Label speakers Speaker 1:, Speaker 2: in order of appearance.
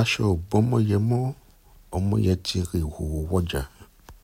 Speaker 1: aṣọ ò bọ́mọ yẹn mọ́ ọmọ yẹn ti rìhòhò wọjà